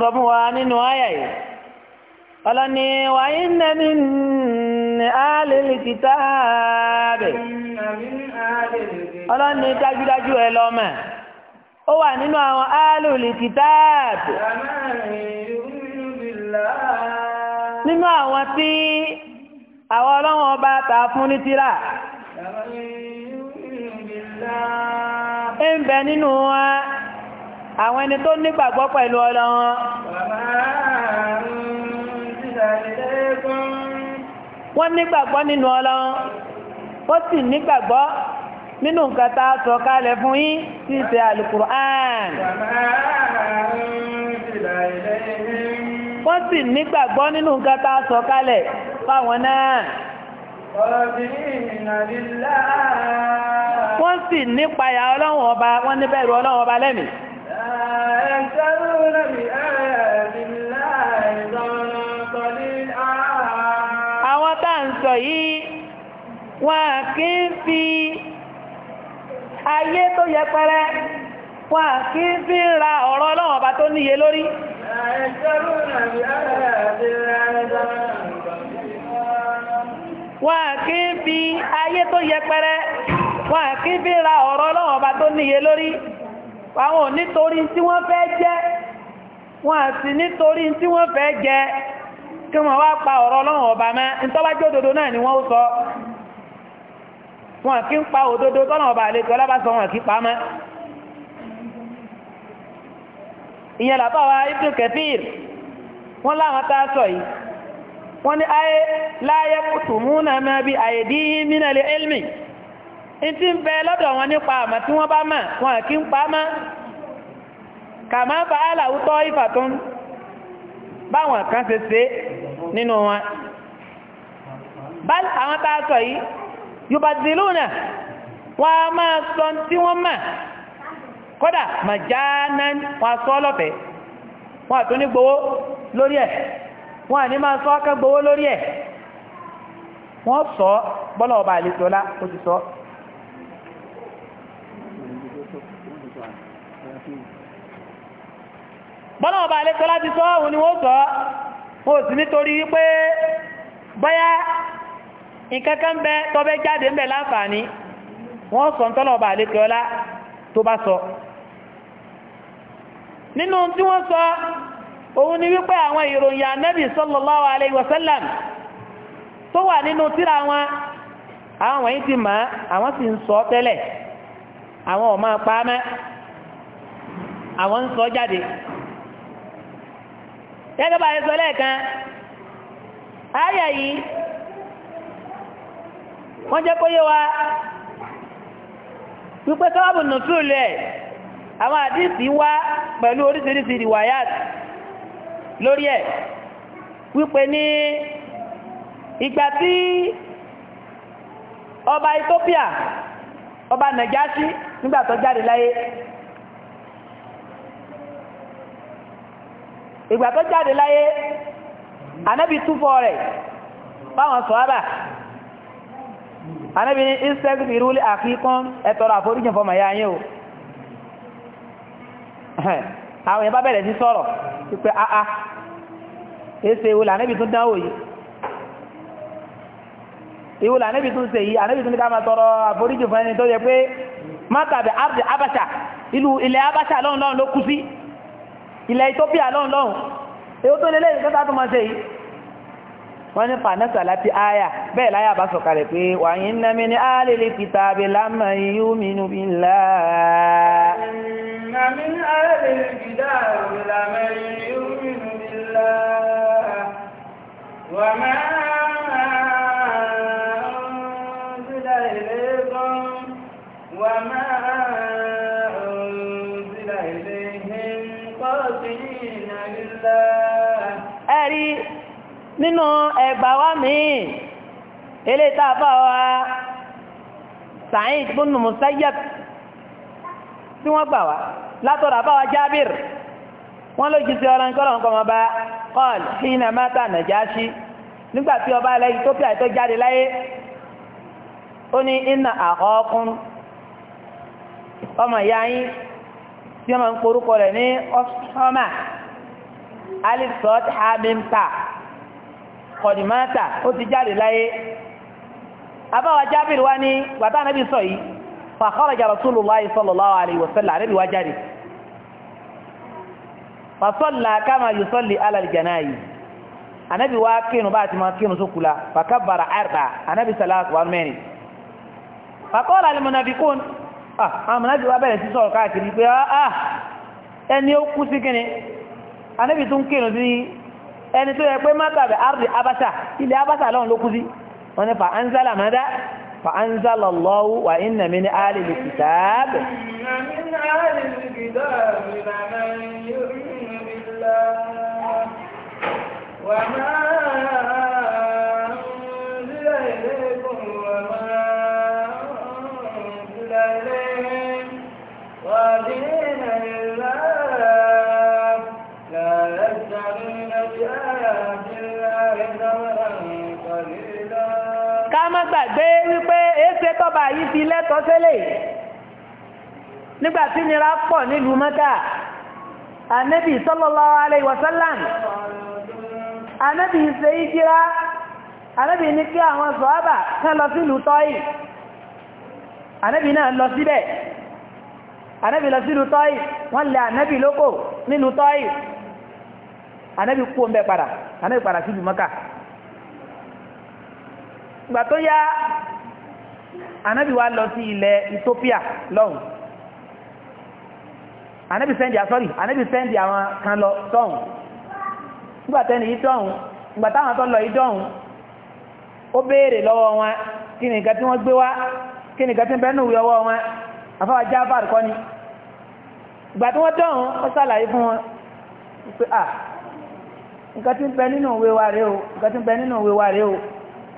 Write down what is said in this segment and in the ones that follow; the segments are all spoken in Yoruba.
sọ fún wa nínú àyà ọlọ́ni wà inna min alil kitabi ọlọ́ni dájúdájú ẹ lọ́mọ ó wà nínú àwọn alil nínú àwọn tí àwọn ọlọ́wọ́n bá ta fún ní tíra ń bẹ nínú wọn àwọn ẹni tó nígbàgbọ́ wọ́n nígbàgbọ́ nínú ọlọ́run ó sì nígbàgbọ́ nínú nǹkan tá a sọ kalẹ̀ fún yín tí í ṣe alukur'an wọ́n sì nígbàgbọ́ nínú nǹkan tá a sọ kalẹ̀ fáwọn náà wọ́n sì nípayà ọlọ́run ọba wọ́n níbẹ̀rù ọlọ́run ọba lẹ́mìí sọ yìí wọn kì í fi ayé tó yẹpẹrẹ wọn kì í fi ra ọ̀rọ̀ ọlọ́run ọba tó níye lórí wọn kì í fi ayé tó yẹpẹrẹ wọn kì í fi ra ọ̀rọ̀ ọlọ́run tó níye lórí àwọn nítorí tí wọ́n fẹ́ jẹ́ wọn sì nítorí tí wọ́n fẹ́ jẹ́ kí wọ́n wá pa ọ̀rọ̀ ọlọ́run ọba mẹ́ ntọ́bájú òdodo náà ni wọ́n ó sọ wọn kì í pa òdodo tọ́nà ọba àlejò ọlábàṣọ wọn kì í pa mẹ́ ìyẹn làbá wa Ibn Kathir wọ́n láwọn tá a sọ yìí wọ́n ní ayé láyé kùtù múnà mẹ́ bí àyèdí mínàlẹ̀ elmi ntí ń bẹ lọ́dọ̀ wọn nípa àmọ́ tí wọ́n bá mọ̀ wọn kì í pa mọ́ kàmáfà aláwùtọ́ ìfàtún báwọn kan ṣe ṣe é nínú wọn bal àwọn tá a sọ yìí yubadiluna wọn a máa sọ tí wọ́n mà kódà màjánà wọn a sọ ọlọ́fẹ̀ẹ́ wọn àtún ní gbowó lórí ẹ̀ wọn àní máa sọ ọkẹ́ gbowó lórí ẹ̀ wọ́n sọ bọ́lá ọba àlejò ó ti sọ bọ́lá ọba àlejò ti sọ òun ni wọ́n sọ o sì nítorí wípé báyá nǹkankan bẹ tọ́bẹ́ jáde ń bẹ láǹfààní wọ́n sọ ń tọ́nà ọba àlékè ọlá tó bá sọ nínú tí wọ́n sọ òun ni wípé àwọn ìròyìn anẹ́bì sallallahu alaihi wasallam tó wà nínú tíra wọn àwọn wọ̀nyí ti mọ̀ àwọn sì ń sọ tẹ́lẹ̀ àwọn ò máa pa á àwọn ń sọ jáde gẹ́gẹ́ bá yẹ sọ lẹ́ẹ̀kan ayà yìí wọ́n jẹ́ kó yé wa wípé sábàbù nùsùlù ẹ̀ àwọn àdìsí wá pẹ̀lú oríṣiríṣi ìwàyàt lórí ẹ̀ wípé ní ìgbà tí ọba Ethiopia ọba Nàjáṣí nígbà tó jáde láyé ìgbà tó jáde láyé anábì túfọ́ rẹ̀ fáwọn sọ́ábà anábì ní insect fi rúlé àfikún ẹ̀tọ́rọ àforíjìn fọmọ̀ ya yíò àwọn èèyàn bá bẹ̀rẹ̀ sí sọ̀rọ̀ pípẹ́ àá ah, ah, èsè ìwòlà anábì tún dánwò yìí ìwòlà anábì tún ṣe yìí anábì tún ní ká máa tọrọ àforíjìn fún ẹni tó yẹ pé mátàbí abdi abasha ìlú ilẹ̀ abasha lọ́nlọ́n ló kú sí ilẹ̀ Ethiopia lọ́hùn èyí tó lélẹ́ ìgbẹ́ tó máa ṣe yìí wọ́n ní fàánẹ́sà láti áyà bẹ́ẹ̀ láyà bá sọ̀kalẹ̀ pé wa inna min ahlil kitabi lamman yu'minu billah inna min ahlil kitabi nínú ẹgbà wa míì eléyìí tá a bá wa Sa'id ibn Musayyab tí wọ́n gbà wá látọ̀rọ̀ àbáwá Jábìr wọ́n ló jí sí ọ̀rọ̀ nǹkan ọ̀rọ̀ kọ́mọba kọ́ọ̀lù hínà mátà Nàjáṣí nígbà tí ọba ilẹ̀ Ethiopia tó jáde láyé ó ní iná àkọ́kún ọmọ ìyá yín tí wọ́n máa ń porúkọ rẹ̀ ní ọ́sọ́mà alif sọ́t kọ̀dìmáta ó ti jáde láyé abáwa jábìrì wá ní gbàtà anábì sọ yìí fàkọ́rọ̀jà rasulullahi sallallahu alaihi wasallam anábì wá jáde fasọ́lá kama yusọ́lì alàlìjànà yìí anábì wá kínu bá ti máa kínu sókùlá fàkàbàrà àrùbà anábì sàlátù wà mẹ́rin fàkọ́lá alìmọ̀nàbìkún àmàlàbì wá bẹ̀rẹ̀ ah, ah, ẹni ó kú sí kíni anábì tún kínu sí ẹni tó yẹ pé makabe ardi abasa ilẹ̀ abasa lọ́n ló kú sí wọ́n ní fa'anzala mada fa'anzala Allahu wa inna min ali al-kitab وما ká má gbàgbé wípé èéṣe tọ́ba yìí fi lẹ́tọ̀ọ́ sílẹ̀ nígbà tí nira pọ̀ nílùú mọ́tà ànábì sallallahu alaihi wasallam ànábì ṣe ìjírá ànábì ní kí àwọn sọ́ábà kán lọ sílùú tọ́yì ànábì náà lọ síbẹ̀ ànábì lọ sílùú tọ́yì wọ́n lẹ ànábì lóko nílùú tọ́yì ànábì kú ọmọ padà ànábì padà sílùú mọ́kà ìgbà tó yá anábì wá lọ sí ilẹ̀ Ethiopia lọ́hùn anábì sẹ́ndì àsọ́rì anábì sẹ́ndì àwọn kan lọ tọ́hùn nígbà tẹ́ni yìí tọ́hùn nígbà táwọn lọ yìí tọ́hùn ó béèrè lọ́wọ́ wọn kí ni nǹkan tí wọ́n gbé wá kí ni nǹkan tí ń wí ọwọ́ wọn àfọwọ́ jáfàr kọ́ ni ìgbà tí wọ́n tọ́hùn ó sàlàyé fún wọn pé à nǹkan tí ń bẹ nínú wa rèé o nǹkan tí ń bẹ nínú wa rèé o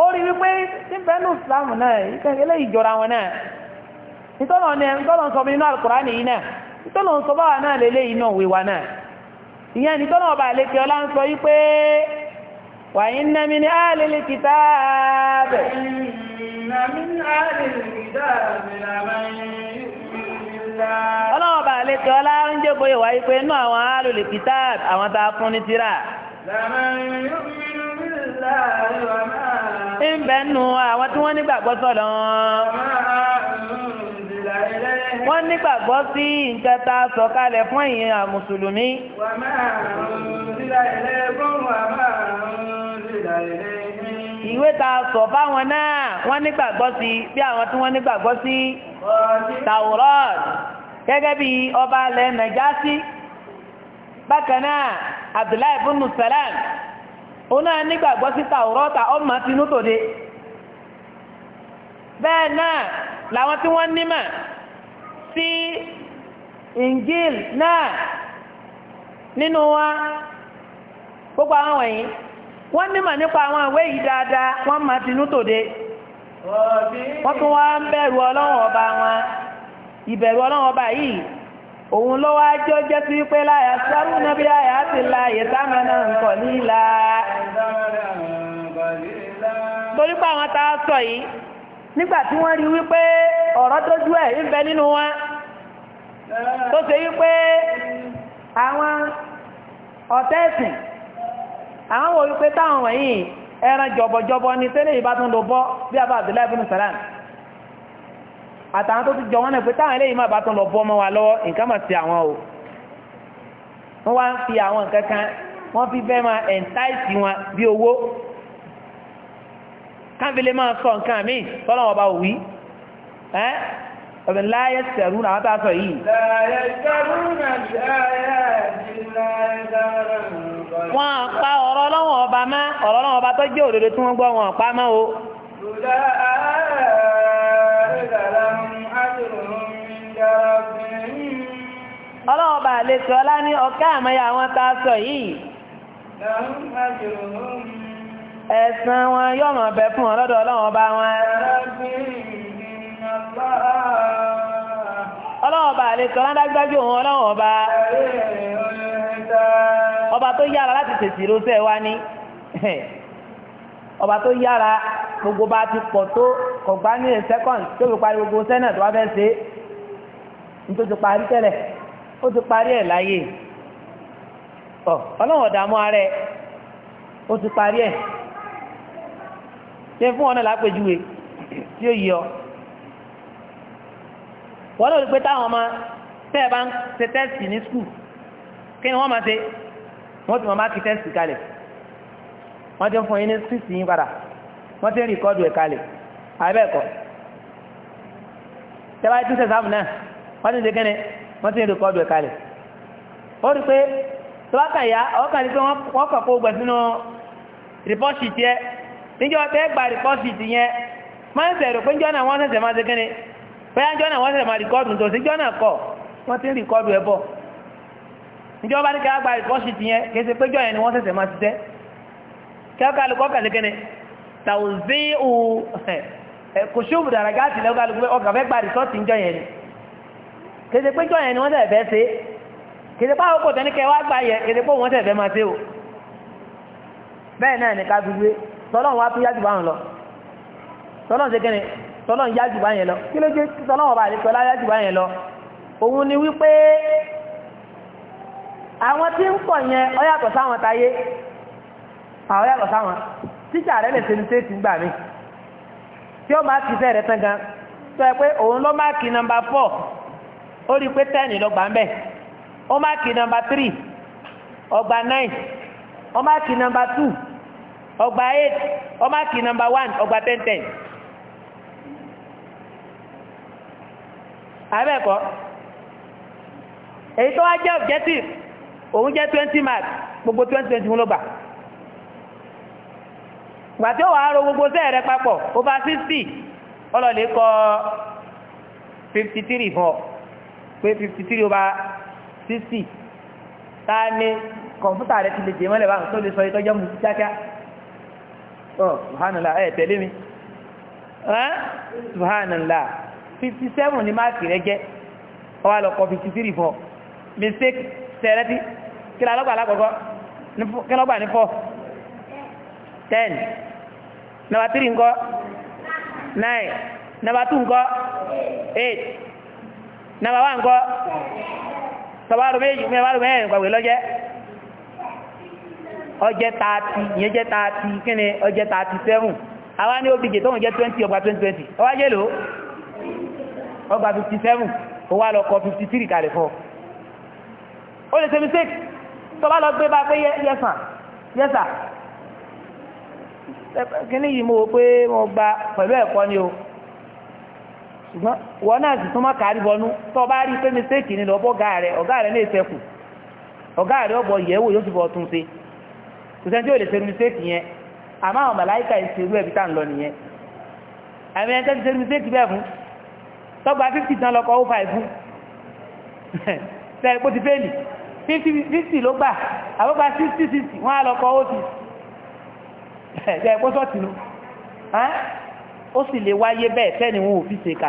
ó rí wípé tí ń bẹ́nu náà ìkẹ́kẹ́lẹ́ ìjọra wọn náà nítọ́lọ̀ ní ẹni tọ́lọ̀ sọ nínú alkùránì yìí náà nítọ́lọ̀ wà náà lélé iná náà ọba ọlá ń sọ wípé wà yóò ń bẹ nu àwọn tí wọ́n nígbàgbọ́ sọ̀rọ̀ wọ́n nígbàgbọ́ sí nǹkan tá a sọ kalẹ̀ fún ìyẹn àmùsùlùmí. ìwé tá a sọ fáwọn náà wọ́n nígbàgbọ́ sí bí àwọn tí wọ́n nígbàgbọ́ sí tàwùrọ́ọ̀d gẹ́gẹ́ bí ọba alẹ́ nàìjásí bákan náà Abdullahi ibn Salam. onu nígbàgbọ́ sí tàwọ́rọ́ta ọmọ tinú tòde bẹ́ẹ̀ náà làwọn tí wọ́n nímọ̀ sí Injil náà nínú wa gbogbo àwọn wọ̀nyí wọ́n nímọ̀ nípa àwọn ìwé yìí dáadáa wọ́n máa tinú tòde wọ́n tún wá ń bẹ̀rù Ọlọ́run ọba wọn ọba yìí òun ló wá jẹ́ jẹ́ sí pé láyà sáré náà bí láyà ti la yẹ náà ń kọ̀ torí pé àwọn tá a sọ yìí nígbà tí wọ́n rí wípé ọ̀rọ̀ tó jú ẹ̀ ń bẹ nínú wọn tó ṣe wípé àwọn ọ̀tẹ́sìn àwọn wo wípé táwọn wọ̀nyí ẹran jọbọjọbọ ni tẹ́lẹ̀ ìbá tún lọ bọ́ bí abá Abdullahi bin Salam àtàwọn tó ti jọ wọn náà pé táwọn eléyìí máa bá tún lọ bọ́ mọ́ wa lọ́wọ́ nǹkan mà sí àwọn o wọ́n wá ń fi àwọn nǹkan kan wọ́n fi fẹ́ máa ẹ̀ńtáìsì wọn bí owó káfílẹ̀ máa sọ nǹkan mi tọ́lọ́wọ́ bá wí ẹ́ ọ̀bẹ̀ láyé sẹ̀rún àwọn tá a sọ yìí. wọ́n pa ọ̀rọ̀ ọlọ́wọ́n ọba má ọ̀rọ̀ ọlọ́wọ́n ọba tó jẹ́ òdodo tí wọ́n gbọ́ wọn pa má o. ọlọ́wọ́n bá lè sọ ọlá ní ọ̀ká àmọ́yà ẹ̀san wọn yóò máa fún wọn lọ́dọ̀ ọba wọn. ọlọ́run ọba àlejò ọlọ́dágbájú òun ọba ọba tó yára láti tètè rọ́ṣẹ́ wa ní ọba tó yára gbogbo bá ti pọ̀ tó kọ̀gbá ní a tó fi parí gbogbo sẹ́nà tó wá fẹ́ ṣe tó ti parí tẹ́lẹ̀ ó ti parí ẹ̀ láyé ara ẹ̀ ṣe fún ọ̀nà lápèjúwe tí ó yí ọ wọ́n lórí pé táwọn ọmọ tẹ́ bá ń se tẹ́sì ní skul kí ni wọ́n máa ṣe wọ́n ti mọ̀ máa kí tẹ́sì kalẹ̀ wọ́n ti ń fún yín ní skills yín padà wọ́n ti ń rìkọ́dù ẹ̀ kalẹ̀ àbẹ́ẹ̀kọ́ tẹ́ bá yẹ tíṣẹ̀ sáàmù náà wọ́n ti ń ṣe kẹ́ni wọ́n ti ń rìkọ́dù ẹ̀ kalẹ̀ ó rí pé tó bá kàn yá ọkàn ní pé wọ́n kàn kó gbẹ sínú rìpọ́ọ̀ṣì níjọ́ tẹ́ gba rìpọ́sìtì yẹn máa ń sẹ̀rò pé jọ́nà wọ́n sẹ̀sẹ̀ máa ṣe kíni bóyá jọ́nà wọ́n sẹ̀sẹ̀ máa rìkọ́dù tó sí jọ́nà kọ̀ wọ́n ti ń rìkọ́dù ẹ̀ bọ̀ níjọ́ bá ní kí á gba rìpọ́sìtì yẹn kì í ṣe pé jọ́yẹn ni wọ́n sẹ̀sẹ̀ máa ṣiṣẹ́ kí á kálukọ́ kàṣe kíni tàwùzí ù kò ṣóòbù dàrágá àti ilẹ̀ ọ̀gálùkù pé ọkà fẹ́ gba rìsọ́ọ̀tì ń jọ́yẹn ni kì í ṣe pé jọ́yẹn ni wọ́n sẹ̀ fẹ́ ṣe kì í ṣe pé àwọn kò tẹ́ni kẹ́ wá o bẹ́ẹ̀ náà ni ká fi wé tọ́lọ́run wá tó yájú báwọn lọ tọ́lọ́run ṣe kẹ́ni tọ́lọ́run yájú báyẹn lọ kí ló dé tọ́lọ́run ọba àdékọ́ lá yájú báyẹn lọ òun ni wípé àwọn tí ń pọ̀ yẹn ó yàtọ̀ sáwọn táyé àwọn sáwọn tíṣà rẹ̀ lè ṣe ní gbà mí tí ó máa kìí sẹ́rẹ̀ tán gan tó ẹ pé òun ló máa kìí nọmba four ó rí i pé ten ló gbà ń bẹ̀ ó máa kìí nọmba three ó gbà nine ó máa kìí nọmba two ọgbà eight ọmáàkì nọmba one ọgbà ten ten abẹ́ẹ̀kọ́ èyí tó wá jẹ́ objective òun jẹ́ twenty mark gbogbo twenty twenty fún ló gbà gbà tí ó wàá ro gbogbo sẹ́ẹ̀ rẹ papọ̀ over sixty ọlọ́ọ̀lẹ́ kọ fifty three fún ọ pé fifty three over sixty ta ni kọ̀ǹpútà rẹ ti lè dè mọ́lẹ̀ báwọn tó lè sọ ìtọ́jọ́ mu kíákíá oh subhanallah ẹ̀ tẹ̀lé mi ẹ́ subhanallah fifty seven ni máàkì rẹ jẹ́ ọwọ́ àlọ́kọ̀ fifty three fọ mistake tẹ̀rẹ́tì kí lọ́gbà alákọ̀ọ́kọ́ kí lọ́gbà ní four ten number three ńkọ́ nine number two ńkọ́ eight number one ńkọ́ sọ̀bá àrùn méjì mẹ́rin lọ́jẹ́ ọjẹ́ tààtì ìyẹn jẹ́ tààtì kíni ọjẹ́ tààtì sẹ́wùn àwa ní obj tóun jẹ́ twenty ọgbà twenty ọwá jẹ́ ọgbà fifty seven òun wà lọ kọ fifty three kalẹ̀ fọ́ ó lè ṣe mistake tọ́ba lọ gbé bá pé yẹ́sà yẹ́sà kíní yìí mo wò pé mo gba pẹ̀lú ẹ̀kọ́ ni o ṣùgbọ́n wọn náà sì tún má kárí bọnú tọ́ba rí pé mistake ni lọ́bọ̀ ọ̀gá rẹ̀ ọ̀gá rẹ̀ ní ìṣẹ́kù ọ̀gá rẹ̀ ọ̀bọ̀ yẹ̀wò yóò sì bọ̀ tún ṣe kùsẹ́ tí ó lè ṣe mistake yẹn àmọ́ àwọn màláìkà ìṣerú ẹ̀bí tá ń lọ nìyẹn àmì ẹ̀ńtẹ́ ti ṣe mistake bẹ́ẹ̀ fún tọ́gbà 50 tán lọ́kọ̀ 05 fún tẹ́ epo ti fẹ́ẹ̀lì 50 ló gbà àbúgbà 60 60 wọ́n á lọ́kọ̀ 06 tẹ́ epo sọ́ọ̀tì nù ó sì lè wáyé bẹ́ẹ̀ tẹ́ni wọn ò fi ṣe kà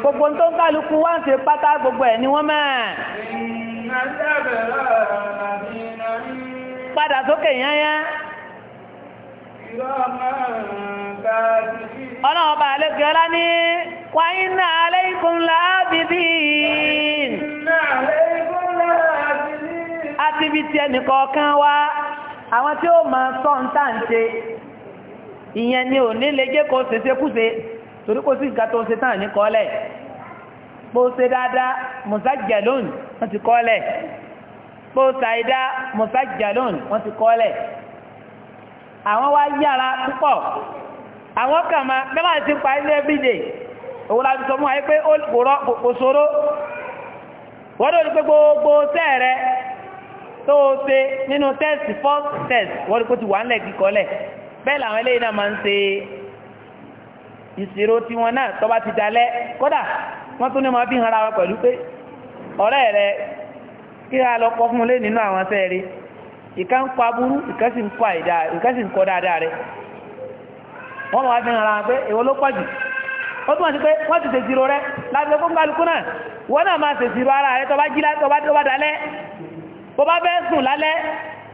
gbogbo tó ń kálukú wá ń ṣe pátá gbogbo ẹ̀ ni wọ́n mẹ́. padà sókè yányá. ọlọ́run ọba àlejò ọlá ní wáyé náà aleikum láàbìbìn. àti ibi tí ẹnìkọ̀ọ̀kan wá àwọn tí ó máa sọ ń tàǹtẹ̀ ìyẹn ni ò ní lè jẹ́ kó ṣeṣe torí kò sí nǹkan tó ń ṣe tán ní kọ́lẹ̀ bó ṣe dáadáa musajalon wọ́n ti kọ́lẹ̀ bó ṣàìdá musajalon wọ́n ti kọ́lẹ̀ àwọn wá yára púpọ̀ àwọn kàn máa bẹ́lá ti pa ilé everyday òun láti sọ fún wa pé kò ṣòro wọ́n ló ní pé gbogbo tẹ́ rẹ tó o ṣe nínú test first test wọ́n ló kó ti wà ń lẹ̀ kíkọ́lẹ̀ bẹ́ẹ̀ làwọn eléyìí náà máa ń ṣe ìṣirò tiwọn náà tó bá ti dalẹ̀ kódà wọ́n tún ní máa fi hàn ara wọn pẹ̀lú pé ọ̀rẹ́ rẹ kí a lọ kọ́ fún un lé nínú àwọn sẹ́ẹ̀rí ìka ń pa burú ìka sì ń pa ìdá ìka sì ń kọ́ dáadáa rẹ wọ́n máa fi hàn ara wọn pé èwo ló pọ̀ jù ó túnmọ̀ sí pé wọ́n ti ṣèṣirò rẹ láti fún kálukú náà wọ́n náà máa ṣèṣirò ara rẹ tó jí tó bá dalẹ̀ bó bá fẹ́ sùn lálẹ́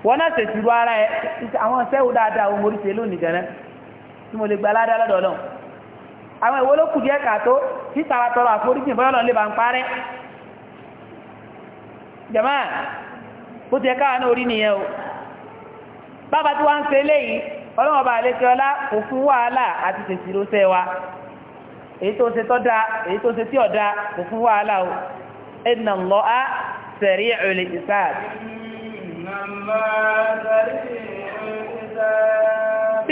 wọ́n náà ṣèṣirò ara rẹ àwọn sẹ́wò dáadáa ohun oríṣiríṣi lónìí gan-an tí mo lè gba aládàá lọ́dọ̀ àwọn ìwọ ló kù díẹ̀ kàtó títara tọrọ àforíjìn bọ́yọ́ lọ́n lè bá ń parẹ́ jẹ̀mọ́ bó ti ẹ̀ká náà orí nìyẹn o bàbá tí wọ́n ń ṣe léyìí ọlọ́wọ́n bá àlejò ọlá kò fún wàhálà àti tèsìrò wa èyí tó ṣe tọ́ èyí tó ṣe tí ọ̀ kò fún wàhálà o inna Allaha sari'ul hisab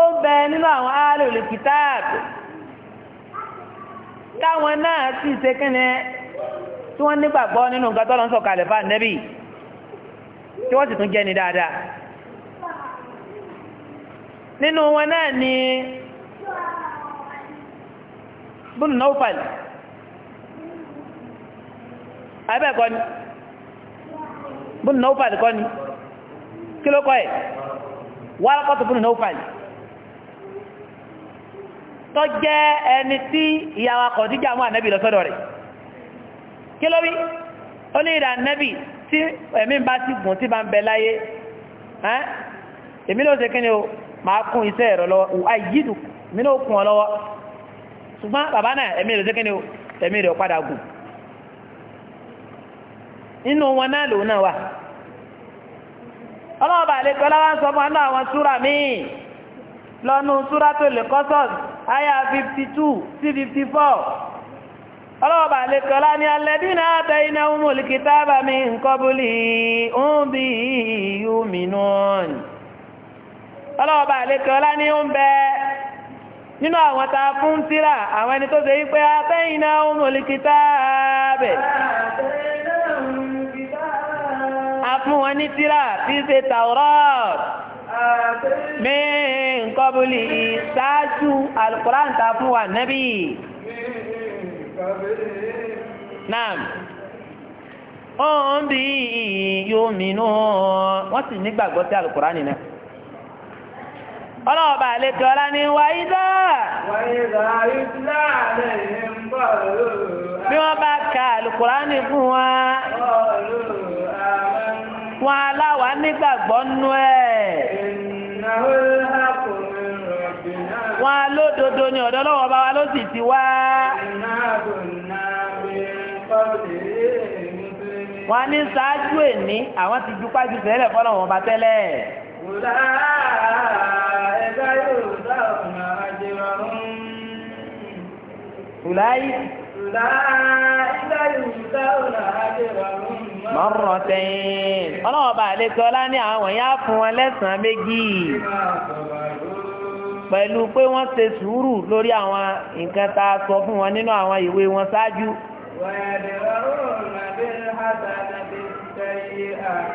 ó bẹ nínú àwọn alòlù kìtáàbù táwọn náà sì ṣe kíni tí wọ́n nígbàgbọ́ nínú nǹkan tọ́lọ́ ń sọ kalẹ̀ fún tí wọ́n sì tún jẹ́ ni dáadáa nínú wọn náà ni bùnú náufàlì abẹ́ẹ̀kọ́ ni bùnú náufàlì kọ́ ni kí ló kọ́ ẹ̀ tó jẹ́ ẹni tí ìyá wa Khadija mú ànẹ́bì kí ló wí ó ní tí ẹ̀mí bá ti gùn tí bá ń bẹ láyé ẹ̀mí náà kí ni o máa kún iṣẹ́ ẹ̀rọ lọ́wọ́ àyídù kún ọ lọ́wọ́ ṣùgbọ́n bàbá náà ẹ̀mí nínú lọ́nu Suratul Qasas àyà 52 sí 54 ọlọ́ọ̀bà lè kọ́lá ní alladhina ataynahumul kitaba min qabli hum bihi yu'minun ọlọ́ọ̀bà lè kọ́lá ní ó ń bẹ nínú àwọn ta fún tíra àwọn ẹni tó ṣe wípé ataynahumul kitaba a fún wọn ní tíra kọ́bùlì ṣáájú alukuran ta fún wa nẹ́bí. naam òun bí yóò mìínú wọ́n sì nígbàgbọ́ sí alukuran náà ọlọ́ọ̀bà àlejò ọlá ní wáyídá bí wọ́n bá ka alùkùránì fún wa wọn aláwa nígbàgbọ́ nú ẹ̀ wọn alódodo ni ọ̀dọ̀ lọ́wọ́ bá wa ló sì ti wá. wọn ní ṣáájú èní àwọn ti ju pájú sẹ́lẹ̀ fọ́nà wọn bá tẹ́lẹ̀. wùdà ẹ̀ka yóò dá ọ̀nà àjẹwà ń. Ùláyí. Mọ̀rọ̀ tẹ̀yìn. Ọlọ́wọ́ bá àlejò ọlá ní àwọn ìyá fún wọn lẹ́sàn-án méjì. pẹ̀lú pé wọ́n se sùúrù lórí àwọn nǹkan tá sọ fún wọn nínú àwọn ìwé wọn ṣáájú.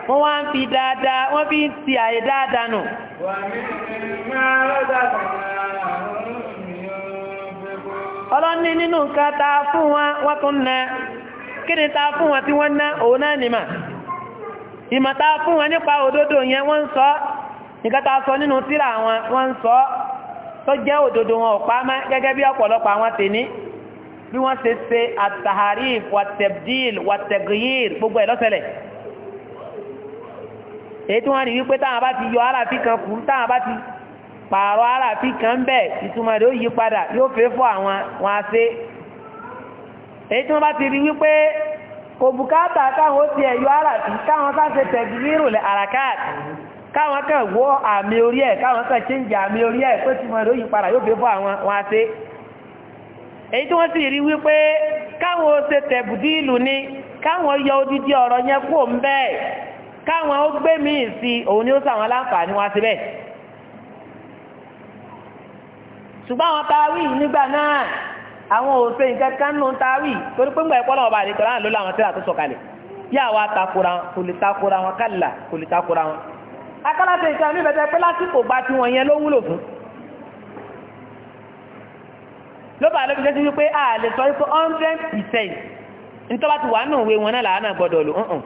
wọ́n wá ń fi dáadáa wọ́n fi ń ti àyè dáadáa nù. ọlọ́ni nínú nǹkan tá a fún wọn wọ́n tún ná kí ni tá a fún wọn tí wọ́n ná òun náà nìmọ̀ ìmọ̀ tá a fún wọn nípa òdodo yẹn wọ́n sọ nǹkan sọ nínú tírà wọn wọ́n sọ ọ́. tó jẹ́ òdodo wọn ò pamọ́ gẹ́gẹ́ bí ọ̀pọ̀lọpọ̀ àwọn tèmi bí wọ́n ṣe ṣe àtàhàríf wàtẹ̀bdìl wàtẹ̀gìyìr gbogbo ẹ̀ lọ́sẹ̀lẹ̀ èyí tí wọ́n rí wípé táwọn bá ti yọ aláàfí kan kù táwọn bá ti pààrọ̀ aláàfí kan ń bẹ̀ ìtumọ̀ rẹ̀ ó yí padà yóò fẹ́ fọ́ àwọn wọn ṣe èyí tí wọ́n bá ti rí wípé kò bùkátà káwọn ó ti ẹ̀yọ aláàfí káwọn sáṣẹ tẹ̀gìyìr káwọn kan wọ́ àmì orí ẹ̀ káwọn kan chíńjì àmì orí ẹ̀ pé tí wọ́n ló yí padà yóò fẹ́ fọ́ àwọn wọn àti èyí tí wọ́n sì rí wípé káwọn ó ṣe tẹ̀bùdí ìlú ni káwọn yọ odidi ọ̀rọ̀ yẹn kó ń bẹ́ẹ̀ káwọn ó gbé míì sí òun ni ó sàwọn láǹfààní wọn àti bẹ́ẹ̀ ṣùgbọ́n àwọn táwí nígbà náà àwọn akálàṣe ìṣẹ́ àmì ìbẹ̀tẹ̀ pé lásìkò gba ti yẹn ló wúlò fún ló bá lóbi jẹ́sí wípé a lè sọ 100% ti wà náà wé wọn náà làánà gbọ́dọ̀ lò hàn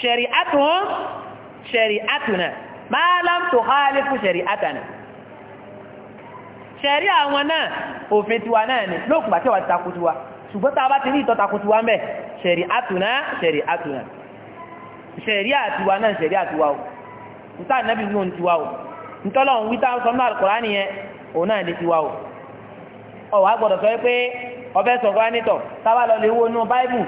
ṣẹ̀rì àtún ṣẹ̀rì àtúnà máa lám hálé fún ṣẹ̀rì àtànà ṣẹ̀rí àwọn náà òfin tiwa náà ni lóòkùnbà tí wà ti ṣùgbọ́n ní sẹ̀rí àtiwá náà sẹ̀rí àtiwá o níta nàbí wí òun tiwá o nítọ́lọ̀ òun wí táwọn sọmọ́ àlùkòrá nìyẹn òun náà lè tiwá o ọ̀wá gbọ́dọ̀ sọ pé ọbẹ̀ sọ kọ́ra nítọ̀ táwa lọ lè wo nú báíbù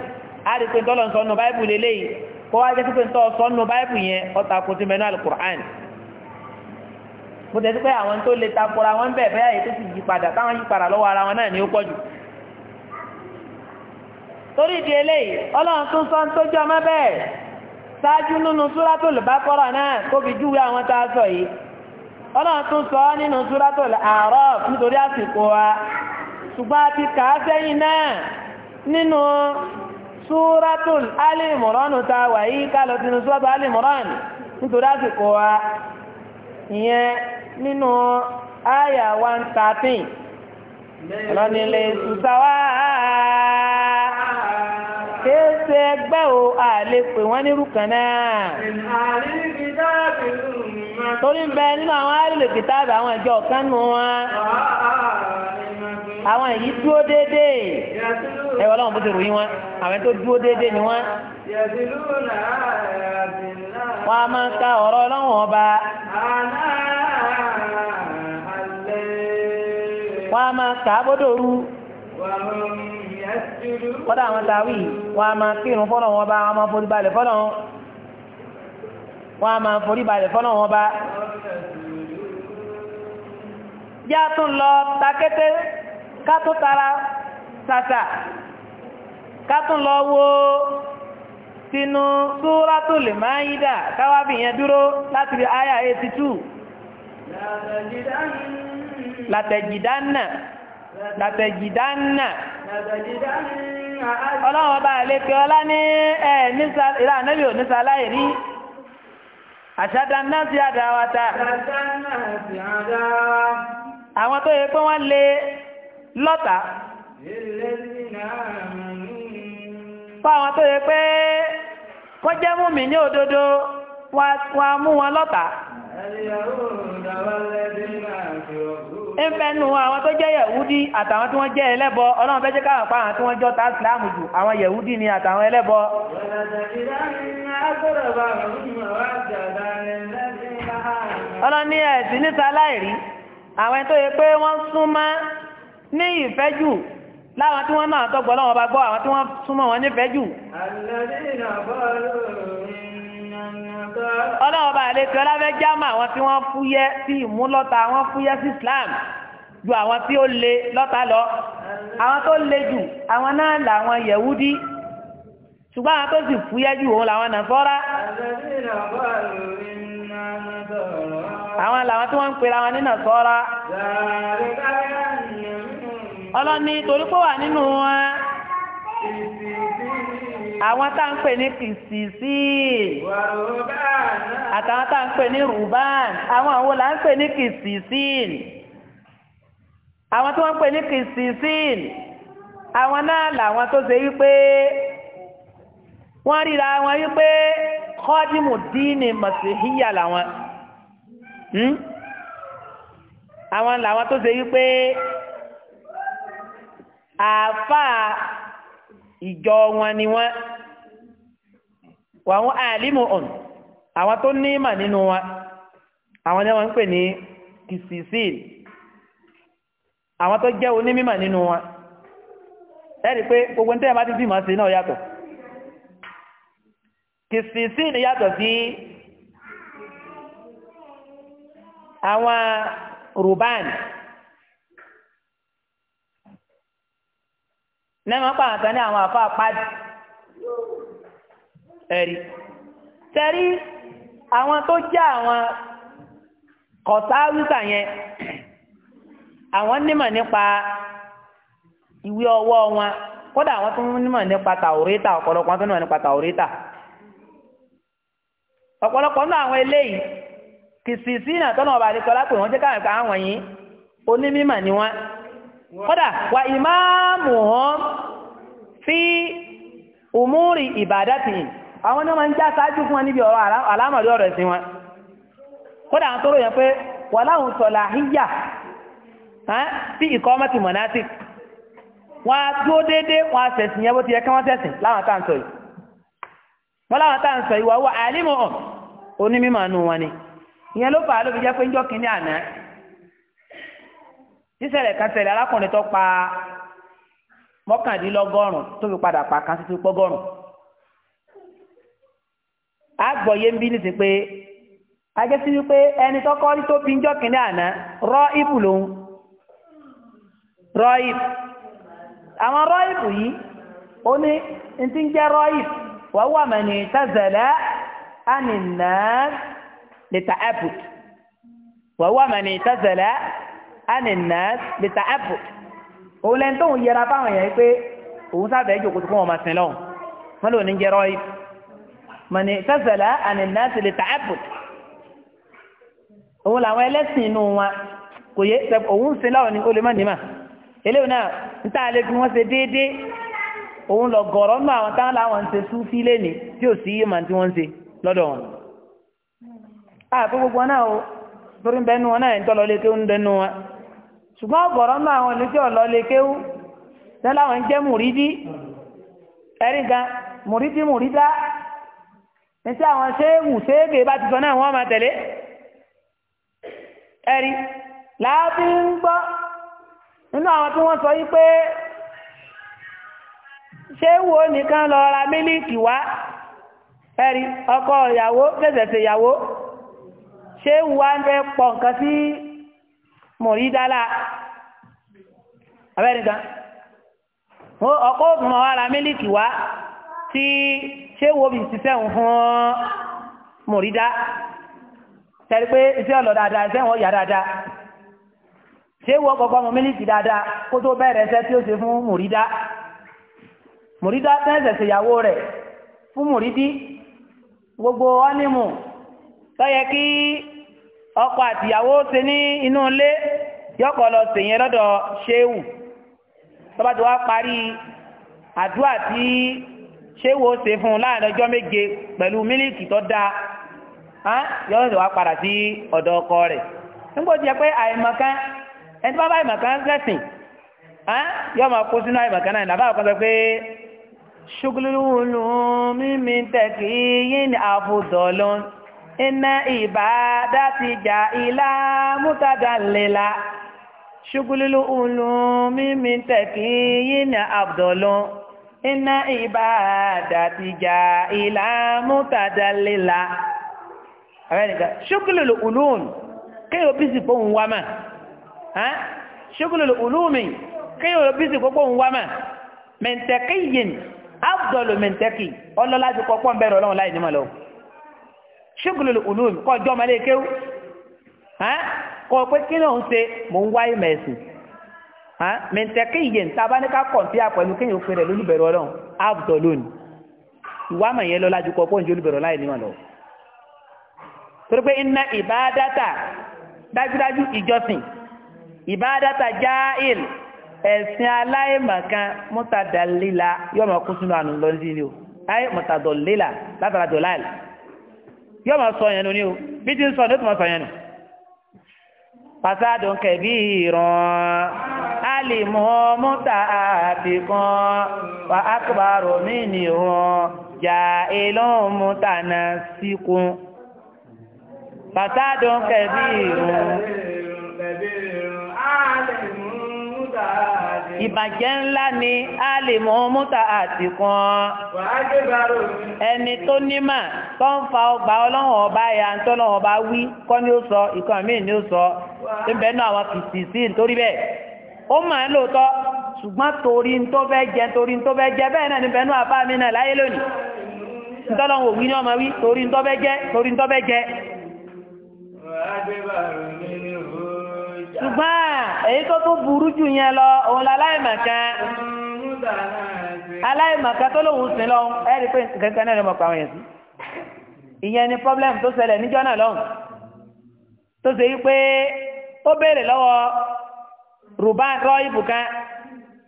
á rí pé ntọ́lọ̀ sọ nú báíbù lélẹ́yìí kó wá jẹ́ pé ntọ́ sọ nú báíbù yẹn ọ̀tà kò ti mẹ́nu àlùkòrá bó tẹ̀sí pé àwọn tó lè takora wọn bẹ̀ bẹ́ẹ̀ èyí tó sì yí padà táwọn yí padà lọ́wọ́ ara wọn náà ni ó pọ̀ jù torí ìdí eléyìí ọlọ́run tún sọ ń tójú ọmọ bẹ́ẹ̀ ṣáájú nínú Suratul Baqara náà kó fi júwe àwọn tá a sọ yìí ọlọ́run tún sọ nínú Suratul nítorí àsìkò wa ṣùgbọ́n a ti kà sẹ́yìn náà nínú Suratul Ali ta wà 113 a. ṣe ẹgbẹ́ o a lè pè wọ́n kan náà. torí ń bẹ nínú àwọn àrílẹ̀ kìtàbí àwọn ìjọ kan nù wọn. àwọn èyí dúró déédéé ẹ wọ́n bó ti ròyìn wọn àwọn tó ni a ka ọ̀rọ̀ kọ́dà àwọn tàwí wọn a máa kírun fọ́nà wọn bá wọn máa forí balẹ̀ fọ́nà wọn a máa forí balẹ̀ fọ́nà wọn bá. yá tún lọ takété ká tó tara sàtà ká tún lọ wo sínú Suratul Maida káwá bìyẹn dúró láti bí àyà eighty two. làtẹ̀jìdánà. làtẹ̀jìdánà ọlọ́run ọba àlepẹ́ ọlá ní ẹ̀ ìlà ànábì ò nísà ta àwọn tó yẹ pé wọ́n lọ́ta fún àwọn tó pé mú mi ní òdodo wọ́n mú wọn lọ́ta. ẹ̀yà ó ń dáwọ́ ńfẹ́nu àwọn tó jẹ́ yẹ̀wúdí àtàwọn tí wọ́n jẹ́ ẹlẹ́bọ ọlọ́run fẹ́ jẹ́ káwọn pa àwọn tí wọ́n jọ ta jù àwọn yẹ̀wúdí ni àtàwọn ẹlẹ́bọ. ọlọ́ni ẹ̀sì níta láìrí àwọn tó yẹ pé wọ́n súnmọ́ ní ìfẹ́ jù láwọn tí wọ́n náà tọ́gbọ́ lọ́wọ́ bá gbọ́ àwọn tí wọ́n súnmọ́ wọn nífẹ̀ẹ́ jù ọlọ́wọ́ bá àlejò ọláfẹ́ jámà àwọn tí wọ́n fúyẹ́ sí ìmúlọ́ta wọ́n fúyẹ́ sí Islam ju àwọn tí ó le lọ́ta lọ àwọn tó le jù àwọn náà làwọn Yẹ̀wúdí ṣùgbọ́n àwọn tó sì fúyẹ́ jù òun làwọn Nàsárà àwọn làwọn tí wọ́n ń pera wọn ní Nàsárà ọlọ́ni torí pé wà nínú wọn àwọn tá à ń pè ní kìsìsìn àtàwọn tá à ń pè ní rùbán àwọn àwọn là ń pè ní kìsìsìn àwọn tí wọ́n ń pè ní kìsìsìn àwọn náà làwọn tó ṣe wípé wọ́n ríra wọn wípé kọ́dìmù díìnì mọ̀síhíyà làwọn hmm? àwọn làwọn tó ṣe wípé àáfàá. ìjọ wọn ni wọn wàwọn àlímù ọ̀n àwọn tó ní ìmà nínú wọn àwọn ni wọn ń pè ní kìsìsìn àwọn tó jẹ́ onímímà nínú wọn ẹ̀rí pé gbogbo ní bá ti bímọ sí náà yàtọ̀ kìsìsìn yàtọ̀ sí àwọn rùbáàni nẹ́ẹ̀mọ́ pa àwọn ní àwọn àfa ẹ̀rí tẹ́rí àwọn tó jẹ́ àwọn kọ̀sáwìsà yẹn àwọn nímọ̀ nípa ìwé ọwọ́ wọn kódà àwọn tó nímọ̀ nípa tàwórítà ọ̀pọ̀lọpọ̀ tó nímọ̀ nípa tàwórítà ọ̀pọ̀lọpọ̀ àwọn eléyìí tọ́nà ọba àdìsọ lápò wọn jẹ́ àwọn yìí ni wọn fi umuri ìbàdàtì àwọn náà máa ń já sáájú fún wọn níbi ọ̀rọ̀ ọ̀rọ̀ ẹ̀sìn wọn kódà àwọn tó ròyìn pé wà láwọn sọ̀là híyà sí ìkọ́ mọ́tì mọ̀násì wọn á dúó déédéé sẹ̀sìn yẹn bó ti yẹ kí wọ́n sẹ̀sìn láwọn ni mọ́kàndínlọ́gọ́rùn tó fi padà pa kan títí pọ́gọ́rùn. àgbọ̀yé ń bí ní sí pé ajẹ́sí wípé ẹni tọ́kọ́ rí tó bí ń jọ́kìnrin àná rọ́ ìbù lòun rọ́ ìbù àwọn rọ́ ìbù yìí ó ní ti ń jẹ́ rọ́ ìbù wà wà mẹ́ni tazẹ̀lẹ́ ànìnà lẹ́tà ẹ̀bù wà wà mẹ́ni tazẹ̀lẹ́ ànìnà lẹ́tà ẹ̀bù òun lẹ́ni tóun yẹra fáwọn èèyàn pé òun sábẹ̀ jòkó tó kún ọmọ sin lọ́hùn wọn lò ní jẹrọ yìí mọ̀nì sẹ́sẹ̀lá àní nàásì lè tààbù òun làwọn ẹlẹ́sìn inú wọn kò yé òun sin lọ́hùn ní olèmọ́ nímà eléyìí náà ń tà lé fi wọ́n ṣe déédéé òun lọ gọ̀ọ̀rọ̀ nù àwọn táwọn làwọn ṣe súfí lẹ́ni tí ò sí ìmọ̀ tí wọ́n ṣe lọ́dọ̀ wọn. àpò gbogbo náà o torí bẹ́ẹ̀ nu wọn náà ń tọ́lọ ṣùgbọ́n ọ̀gọ̀rọ̀ náà àwọn ìlújẹ́ ọ̀lọ́ lè kéwú náà láwọn jẹ́ mùrídí ẹ̀rí gan mùrídí mùrídá ní tí àwọn ṣéèwù ṣéèkè bá ti sọ náà wọ́n máa tẹ̀lé ẹ̀rí láàbí ń gbọ́ nínú àwọn tí wọ́n sọ yí pé ṣéèwù ó lọ ra mílíìkì wá ẹ̀rí ọkọ ìyàwó ṣẹ̀ṣẹ̀ ṣèyàwó ṣéèwù wá ń fẹ́ pọ̀ nǹkan sí mọ̀rídálà abẹ́rẹ́ta ọkọ̀ òfin ọ̀wá ara mílíkì wá tí ṣé wo bí ṣiṣẹ́ ń fún mọ̀rídá tẹ̀lé pé iṣẹ́ ọ̀lọ́ dáadáa iṣẹ́ wọn yà dáadáa ṣé wo kọ̀ọ̀kan mọ̀ mílíkì dáadáa kó tó bẹ̀rẹ̀ iṣẹ́ tí ó ṣe fún mọ̀rídá mọ̀rídá tẹ́sẹ̀ ṣèyàwó rẹ̀ fún mọ̀rídí gbogbo ọ́nímù tó kí ọkọ àtìyàwó ṣe ní inú ilé yọkọ lọ sèyẹn lọ́dọ̀ ṣéwù tọ́ba tí wàá parí àdúrà tí ṣéwù ó ṣe fún un láàrin ọjọ́ méje pẹ̀lú mílíkì tó dáa yọkọ lọ wàá padà sí ọ̀dọ̀ ọkọ rẹ̀ nígbà tí yẹ pé àìmọ̀kan ẹni tí wọ́n bá àìmọ̀kan sẹ̀sìn yọọ máa kó sínú àìmọ̀kan náà nàbà ọ̀kan sọ pé ṣùgbọ́n lóhùn mímí tẹ̀kì yín àbùdọ̀ lọ́nà iná ìbàdá ti jà ilá mútàdánlélá ṣúgúlúlú ulú mímí tẹ̀kí yínà àbdọ̀lọ́ iná ìbàdá ti jà ilá mútàdánlélá ṣúgúlúlú ulú kí o bí sì fóun wá mà ṣúgúlúlú ulú mi kí o bí sì fóun wá mà mẹ̀ntẹ̀kí yìn àbdọ̀lọ́ mẹ̀ntẹ̀kí ọlọ́lá ti kọ́kọ́ ń bẹ̀rẹ̀ ọlọ́run láì nímọ̀ lọ́wọ́ ṣégùlù ulum kọ́ ọjọ́ ọmọdé kéwú kọ́ pé kí ló ń ṣe mò ń wá ìmọ̀ ẹ̀sìn mẹ̀ntẹ́kì yìí ń tábà ní ká kọ̀ǹpíà pẹ̀lú kéèyàn fún rẹ̀ lólùbẹ̀rẹ̀ ọlọ́run áàbùtọ̀ lónìí ìwà mọ̀ yẹn lọ lájú kọ́ pọ́ǹjì olùbẹ̀rẹ̀ láì níwọ̀n lọ. torí pé iná ìbádátà dájúdájú ìjọsìn ìbádátà jáìl ẹ̀sìn aláìmọ̀kan mọ́tàdàlélà yọ̀ọ̀mọ̀ kó sínú àná lọ́dún yóò máa sọ yẹn nù ní o bí ti ń sọ ní o tó máa sọ yẹn nù. fasádùn kẹ̀bí ìran alìmọ́ múta àbìkan wà ákùbárò mí nìran jà èlòun múta síkún. fasádùn kẹ̀bí ìran alìmọ́ múta ìbàjẹ́ ńlá ni alìmọ̀ múta àti kan ẹni tó nímà tó ń fa ọgbà ọba ya ń ọba wí kọ́ ni ó sọ ìkan míì ni ó sọ tó àwọn kìsì sí jẹ torí ń tó jẹ bẹ́ẹ̀ náà ni bẹ́ẹ̀ náà bá mi náà láyé lónìí jẹ torí ń tó jẹ. ṣùgbọ́n èyí tó tún burú jù yẹn lọ òun la aláìmọ̀kan aláìmọ̀kan tó lòun sìn lọ ẹ pé kankan náà ló mọ̀ pa yẹn sí ìyẹn ni problem tó ṣẹlẹ̀ níjọ́ náà lọ́hùn tó ṣe wípé ó béèrè lọ́wọ́ ruban rọ ibùkan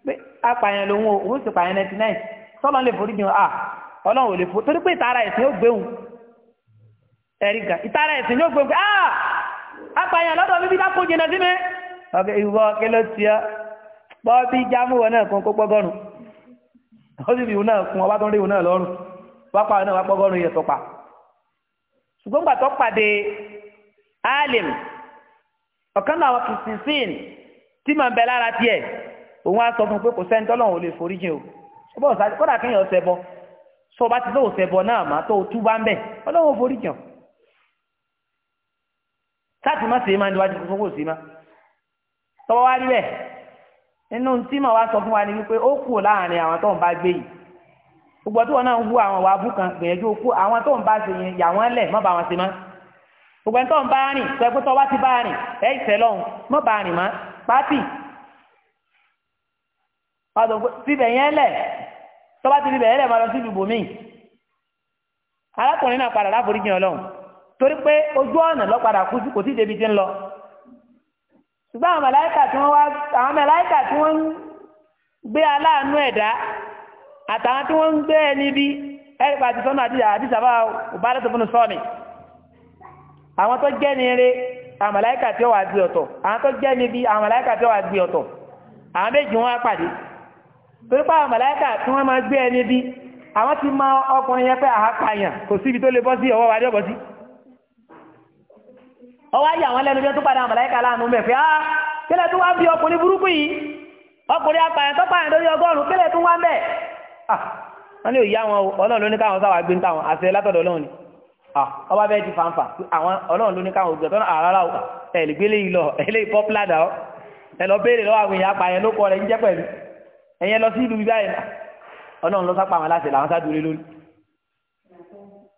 pé apààyàn lòun ò òun sì pààyàn ninety nine sọ́lọ́n lè forí jùlọ à ọlọ́run ò lè forí torí pé ìtara ẹ̀sìn yóò ẹ̀rí ìtara ẹ̀sìn yóò ah. apàyàn lọ́dọ̀ bíbí dákun jìnnà sí mi. ọbẹ̀ ìwọ kẹlẹ́ ti ọ́ pọ́ bí jámù wọn náà kún kó pọ́gọ́rùn ó sì fi ìwọ náà kún ọba tó ń rí ìwọ náà lọ́rùn wápá náà wá pọ́gọ́rùn yẹ tó pa. ṣùgbọ́n gbà tó pàdé alim ọ̀kan náà wọn kìsìn sín tí màá bẹ lára tiẹ̀ òun á sọ fún un pé kò sẹ́ni tọ́lọ́run ò lè foríjìn o kódà kéèyàn ọ̀sẹ̀ bọ sọ bá sáàtì má sèé máa ń diwájú fún kò sí má tọ́wọ́ wá rí bẹ́ẹ̀ nínú tí màá wá sọ fún wa ni wípé ó kù láàrin àwọn tó ń bá gbé yìí gbogbo tí wọn náà ń hu àwọn wàá bú kan gbìyànjú okú àwọn tó ń bá ṣe yẹn yà wọn lẹ má bá wọn ṣe má gbogbo tó ń bá rìn sọ pé tó ti bá rìn ẹ ìfẹ́ lọ́hùn má bá rìn má pátì síbẹ̀ yẹn lẹ̀ tó ti rí yẹn lẹ̀ má lọ sí ibùbò míì arákùnrin náà padà láforíjì Ọlọ́run torí pé ojú ọ̀nà lọ padà kú sí kò sí débi tí ń lọ ṣùgbọ́n àwọn mẹ̀láìkà tí wọ́n wá àwọn mẹ̀láìkà tí wọ́n ń gbé aláàánú ẹ̀dá àtàwọn tí wọ́n ń gbé ẹni bí ẹ̀ríkà àti sọ́nà àti àdìsàbà òbálẹ̀ tó fún un sọ́ọ̀nì àwọn tó jẹ́ ni eré àwọn mẹ̀láìkà tí ó wà gbé ọ̀tọ̀ àwọn tó jẹ́ ni bí àwọn mẹ̀láìkà tí ó wà gbé ọ̀tọ̀ àwọn méjì wọn pàdé torí pé àwọn mẹ̀láìkà tí wọ́n máa gbé ẹni bí àwọn ti máa ọkùnrin yẹn pé àhápàyàn kò síbi tó lè bọ́ sí ọwọ́ wa ní ọ̀bọ̀ sí ọwọ́ ayé àwọn lẹ́nu bí wọ́n tún padà màláíkà láàánú mẹ́fẹ́ á ah, kílẹ̀ tún wá bí ọkùnrin burúkú yìí ọkùnrin apààyàn tó pààyàn lórí ọgọ́rùn-ún kílẹ̀ tún wá ń bẹ̀ ah, wọ́n ní òye àwọn ọlọ́run ló ní káwọn sáwà gbé ń táwọn àṣẹ látọ̀dọ̀ ọlọ́run ni ọba ah, bẹ́ẹ̀ ti fanfa àwọn ọlọ́run ló ní káwọn ògbẹ́ tọ́nà àrárá ẹ̀lẹ́gbẹ́lẹ́ yìí lọ ẹlẹ́yìí pọ́pùlàdà ọ ẹ lọ béèrè lọ́wọ́ àwọn èèyàn apààyàn ló kọ rẹ̀ ń jẹ́ pẹ̀lú ẹ̀yẹn lọ sí ìlú bíbá yẹn ọlọ́run ló sápá àwọn aláṣẹ làwọn sá dúró lórí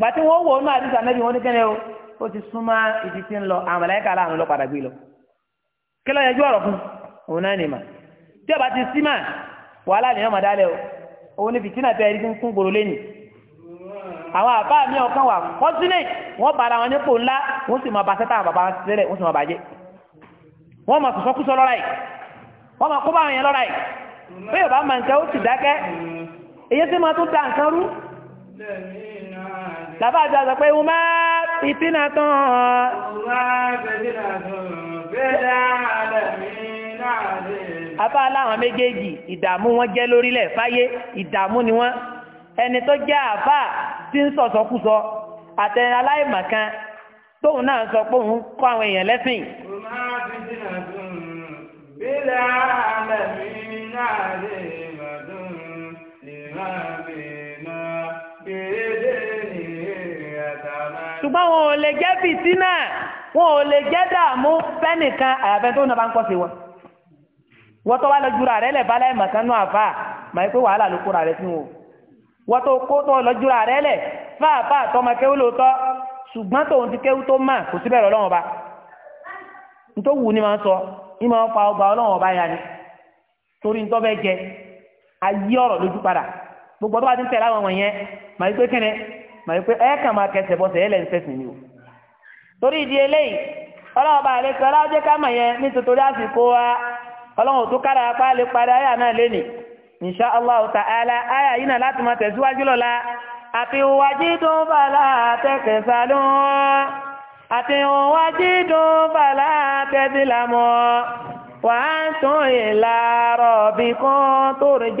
gbà tí wò ó àdìsá wọn ní o ó ti tí ń lọ àwọn padà gbé lọ kí ló ọ̀rọ̀ fún òun náà nìmà tí ọba ti símà wàhálà nìyẹn màdá lẹ o òun ni fìtínà tẹ ẹni tí ń kún gbòòrò àwọn àbá mi ọkàn wà wọ́n wọn ńlá wọ́n sì ba bàbá wọn sílẹ̀ wọ́n sì wọ́n lọ́ra yìí wọ́n yẹn lọ́ra yìí bí Yorùbá ó ti dákẹ́ èyí sì Bàbá àti àṣọ pé wọ́n máa fìtínà tán. Bàbá aláwọn méjèèjì ìdààmú wọn jẹ́ lórílẹ̀ fáyé ìdààmú ni wọ́n. Ẹni tó jẹ́ àbá tí ń sọ̀sọ̀kúsọ àtẹ̀yìn aláìmọ̀kan tóun náà sọ pé òun kọ́ àwọn èèyàn lẹ́sìn. ṣùgbọ́n wọn ò lè jẹ́ fìtínà wọn ò lè jẹ́ dààmú fẹ́nìkan àyàfẹ́ tó náà bá ń kọ́ sí wọn wọ́n tó wá lọ jura rẹ̀ lẹ̀ balẹ̀ màkánú àfà màá pé wàhálà ló kóra rẹ̀ fún o wọ́n tó kó tó lọ jura rẹ̀ lẹ̀ fáàfà tọmọ kéwú lóòótọ́ ṣùgbọ́n tóun ti kéwú tó mà kò síbẹ̀ lọ́wọ́ ba nítorí wù ni máa ń sọ ní máa ń fa ọgbà ọlọ́wọ́ ba yà ni torí nítorí bẹ́ẹ̀ jẹ ayé ọ̀rọ̀ lójú padà gbogbo tó bá ti ń tẹ̀lé àwọn wọ̀nyẹn màá pé kẹ́nẹ́ mà yìí pé ẹ kàn máa kẹsẹ̀ bọ́sẹ̀ ẹ lẹ́nu fẹ̀sìn ni o torí ìdí eléyìí ọlọ́wọ́ bá àlekọ́ ọlọ́wọ́ jẹ́ ká mọ̀ yẹn nítorí àsìkò wa ọlọ́wọ́ tó kára apá lè parí àyà náà lénìí insha allah ta'ala àyà yìí náà láti máa tẹ̀síwájú lọ́la àti wájú tó ń bàlá tẹ̀kẹ̀ sálọ́ àti wájú tó ń bàlá tẹ̀sí làmọ́ wàá tún ìlà rọ̀bì kan tó rìn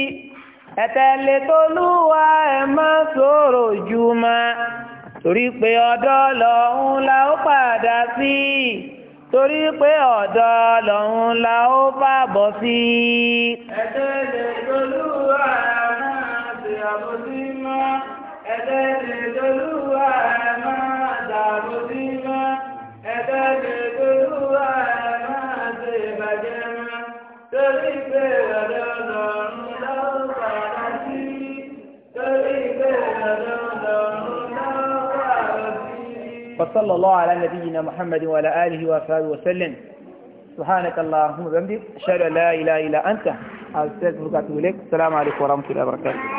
ẹ̀tẹ̀lẹ̀ tolúwa ẹ̀ má sọ̀rọ̀ jù má torí pé ọ̀dọ̀ lọ́hún la ó padà sí torí pé ọ̀dọ̀ lọ́hún la ó fàbọ̀ sí. وصلى الله على نبينا محمد وعلى آله وصحبه وسلم سبحانك اللهم وبحمدك أشهد أن لا إله إلا أنت أستغفرك وأتوب إليك السلام عليكم ورحمة الله وبركاته